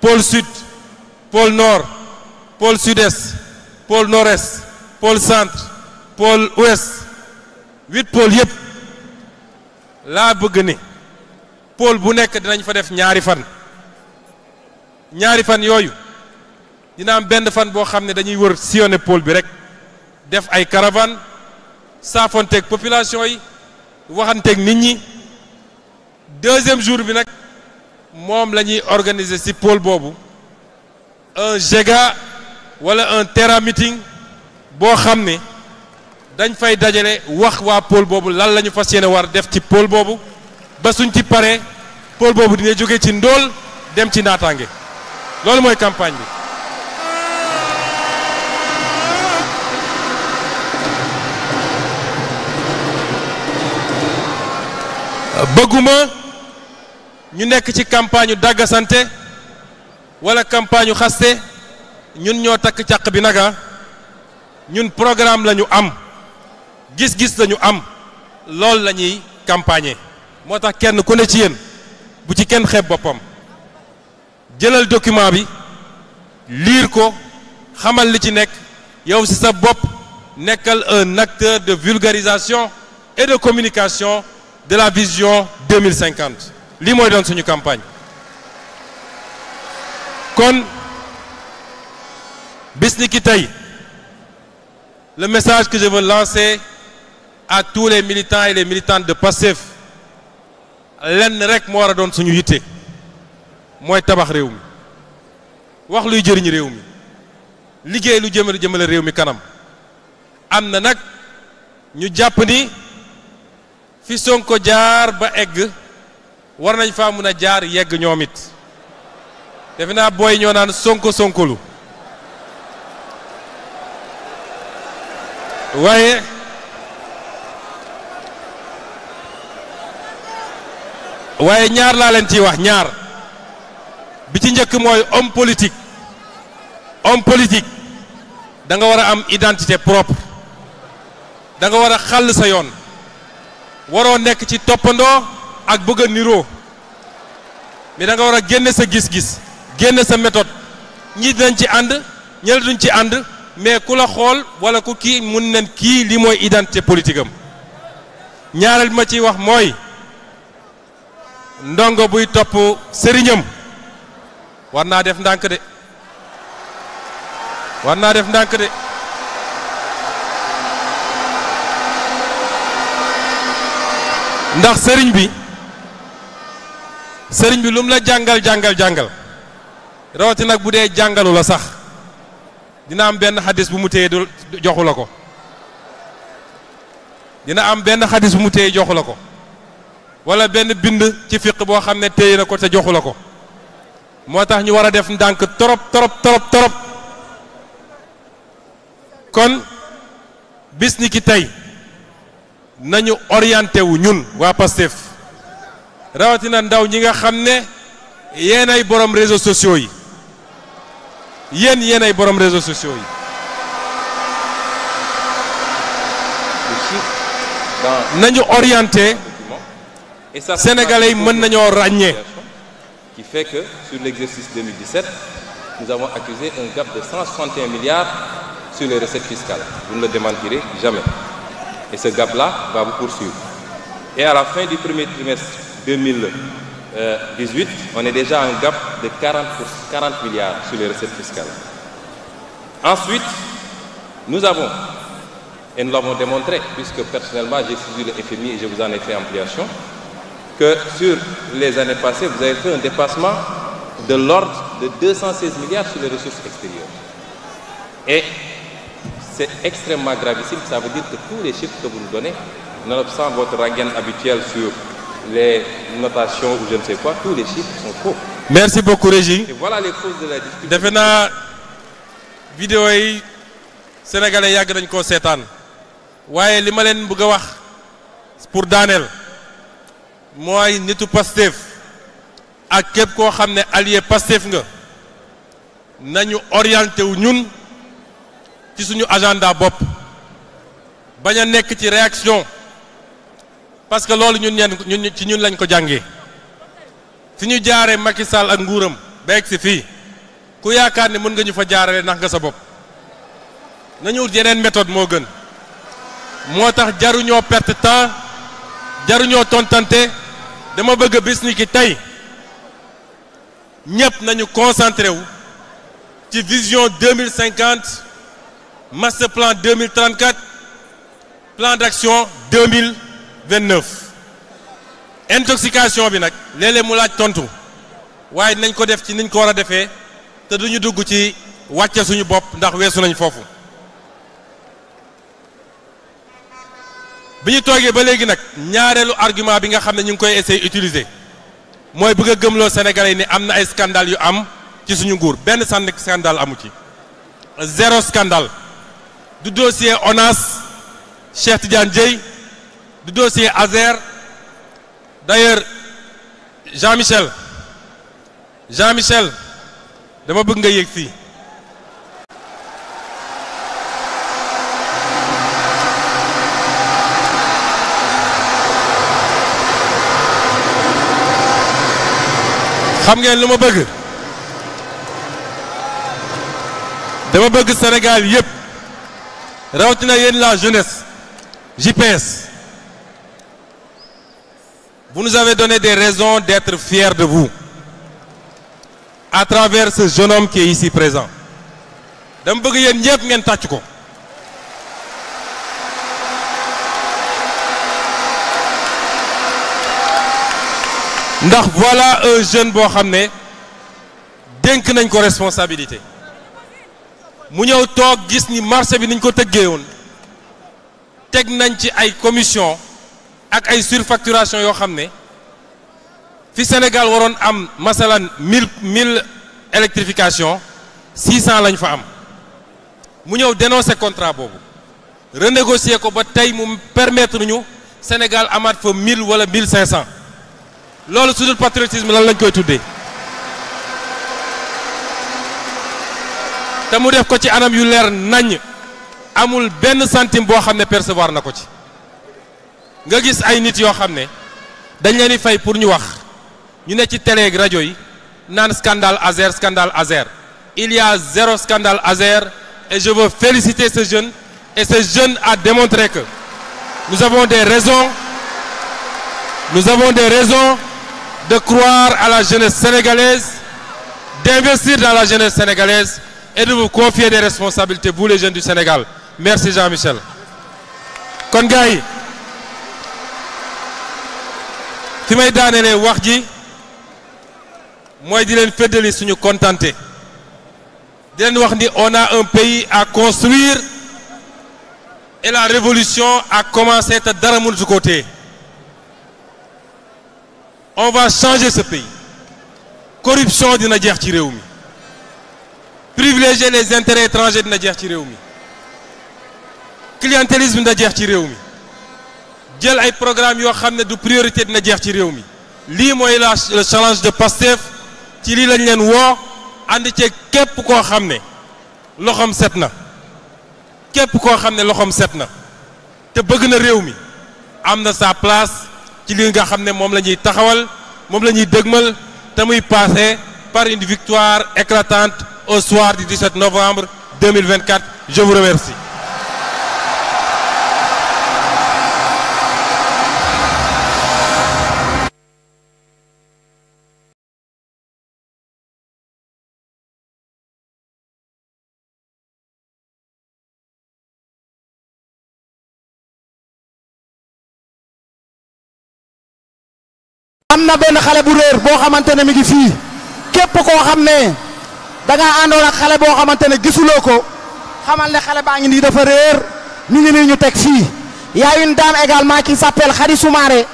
pôle sud pôle nord pôle sud-est pôle nord centre pôle ouest huit pôle yëpp laa bëgg ni pôle bu nekk dinañ fa def ñaari fan ñaari fan yooyu dina benn fan boo xam ne dañuy wër sillonner pôle bi rek def ay caravane saafonteeg population yi waxanteeg nit ñi deuxième jour bi nag moom la ñuy organiser ci pôle boobu un JEGA wala un terra meeting boo xam ne dañ fay dajale wax waa pôle boobu lan la ñu fas yéene war def ci pôle boobu ba suñ ci paree pôle boobu dina jóge ci ndool dem ci naataange loolu mooy campagne bi. bëgguma ñu nekk ci campagne yu dàggasante wala campagne yu xaste ñun ñoo takk càq bi naga ñun programme lañu am gis-gis lañu am loolu la ñuy campagner moo tax kenn ku ne ci yéen bu ci kenn xeeb boppam jëlal document bi lire ko xamal li ci nekk yow ci sa bopp nekkal un acteur de vulgarisation et de communication de la vision 2050 lii mooy doon suñu campagne kon bis tey le message que je veux lancer à tous les militants et les militantes de Pastef lenn rek moo war a doon suñu yitte mooy tabax réew mi wax luy jëriñ réew mi liggéey lu jëmale jëmale réew mi kanam am na nag ñu jàpp ni fi Sonko jaar ba egg war nañ faa mun a jaar yegg ñoom it defe naa booy ñoo naan sonko sonkolu waaye waaye ñaar laa leen ciy wax ñaar bi ci njëkk mooy homme politique homme politique da nga war a am identité propre danga war a xàll sa yoon waroo nekk ci toppandoo ak bëgga niroo mais da war a génne sa gis-gis génne sa méthode ñi dinañ ci ànd ñële duñ ci ànd mais ku la xool walla ku kii mun nen kii li mooy identité politique am ñaareel bi ma ci wax mooy ndongo buy topp sëriñam war naa def ndànk war naa def ndànk de ndax sëriñ bi sëriñ bi lu mu la jàngal jàngal jàngal rawati nag bu dee jàngalu la sax dina am benn xadis bu mu téye du joxu la ko dina am benn xadis bu mu téye joxu la ko wala benn bind ci fiq boo xam ne téye na ko te joxu la ko moo tax ñu war a def ndànk torop torop torop torop kon bis ni ki tey nañu orienté wu ñun waa Pastef rawatina ndaw ñi nga xam ne yéen ay borom réseaux sociaux yi yéen yéen ay borom réseaux sociaux yi. nañu orienté sénégalais yi mën nañoo ràññee. qui fait que sur l'exercice 2017 nous avons accusé un gap de 161 milliards sur les recettes fiscales vous ne le démentirez jamais et ce gap-là va vous poursuivre Et à la fin du premier trimestre 2018, euh, on est déjà à un gap de 40, 40 milliards sur les recettes fiscales. Ensuite, nous avons, et nous l'avons démontré, puisque personnellement j'ai suivi le FMI et je vous en ai fait ampliation, que les années passées, vous de l'ordre de 216 milliards sur les ressources extérieures. Et c'est extrêmement gravissime, ça veut dire que tous les chiffres que Nonobstant votre rengaine habituelle sur les notations ou je ne sais quoi, tous les chiffres sont defe naa vidéo yi sénégalais yàgg nañ koo seetaan. waaye li ma leen bëgg a wax pour daaneel mooy nitu Pastef ak képp koo xam ne allié Pastef nga nañu orienté wu ñun ci suñu agenda bopp bañ a nekk ci réaction. parce que loolu ñun ñeen ñun ci ñu lañ ko jàngee fi ñu jaaree Macky Sall ak nguuram ba egg si fii ku yaakaar ne mën nga ñu fa jaarale ndax nga sa bopp nañu wut yeneen méthode moo gën moo tax jaruñoo perte temps jaruñoo tontante dama bëgg bis ni tey ñëpp nañu concentré wu ci vision deux mille cinquante master plan deux mille trente-quatre plan d'action deux mille 29 intoxication bi nag léeg mu laaj tontu waaye nañ ko def ci niñ ko war a defee te duñu dugg ci wàcce suñu bopp ndax weesu nañ foofu bi ñu toogee ba léegi nag ñaareelu argument bi nga xam ne ñu ngi koy essayer utiliser mooy bëgg a gëmloo Sénégalais yi ne am na ay scandale yu am ci suñu nguur benn sànn scandale amu ci zéro scandale du dossier ONAS Cheikh Tidiane Dièye du dossier Azer d'ailleurs Jean-Michel Jean-Michel dama bëgg nga yéeg fii xam ngeen lu ma bëgg dama bëgg Sénégal yëpp rawatina yéen la jeunesse JPS bu nous avez donné des raisons d'être fiers de vous à travers ce jeune homme qui est ici présent dama bëgg yéen ñëpp ngeen tàcc ko ndax voilà un jeune boo xam ne dénk nañ ko responsabilité mu ñëw toog gis ni marché bi niñ ko tëggee woon teg nañ ci ay commission ak ay surfacturation yoo xam ne fi Sénégal waroon am masalan mille mille électrification six cent lañ fa am mu ñëw dénoncer contrat boobu renégocier ko ba tey mu permettre ñu Sénégal amaat fa mille wala mille cinq cent loolu su dul patriotisme lan lañ koy tuddee te mu def ko ci anam yu leer naññ amul benn centime boo xam ne percevoir na ko ci nga gis ay nit yoo xam ne dañ leen di fay pour ñu wax ñu ne ci télé ak rajo yi naan scandale Azer scandale Azer il y a zéro scandale Azer et je veux féliciter ce jeune et ce jeune à démontré que nous avons des raisons nous avons des raisons de croire à la jeunesse sénégalaise d'investir dans la jeunesse sénégalaise et de vous confier des responsabilités vous les jeunes du Sénégal merci Jean-Michel kon gars fi may daanelee wax ji mooy di leen féddali suñu kontante di leen wax ni on a un pays à construire et la révolution a commencé te dara mënatu ko téye on va changer ce pays corruption dina jeex ci réew mi privilégier les intérêts étrangers dina jeex ci réew mi clientélisme dina jeex ci réew mi jël ay programme yoo xam ne du priorité dina jeex ci réew mi lii mooy la le challenge de Pastef ci lii lañ leen woo ànd ceeg képp koo xam ne loxoom set na képp koo xam ne loxoom set na te bëgg na réew mi am na sa place ci li nga xam ne moom la ñuy taxawal moom la ñuy dëgmal te muy passé par une victoire éclatante au soir du 17 novembre 2024 je vous remercie am na benn xale bu réer boo xamante ne mi ngi fii képp koo xam ne da ngaa àndoon ak xale boo xamante ne gisuloo ko xamal ne xale baa ngi nii dafa réer ñu ngi nii ñu teg fii y a une dame également qui s'appelle Khady Soumaré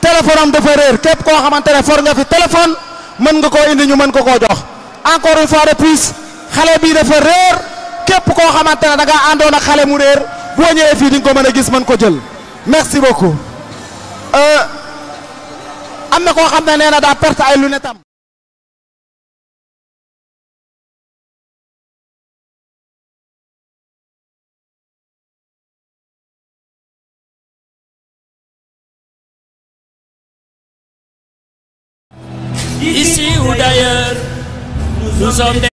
téléphone dafa réer képp koo xamante ne for nga fi téléphone mën nga koo indi ñu mën ko koo jox encore une fois de xale bii dafa réer képp koo xamante ne da ngaa àndoon ak xale mu réer boo ñëwee fii di nga ko mën a gis mën ko jël merci beaucoup. Euh, am na koo xam ne nee na daa perte ay lunettes am Ici ou d'ailleurs, nous sommes des...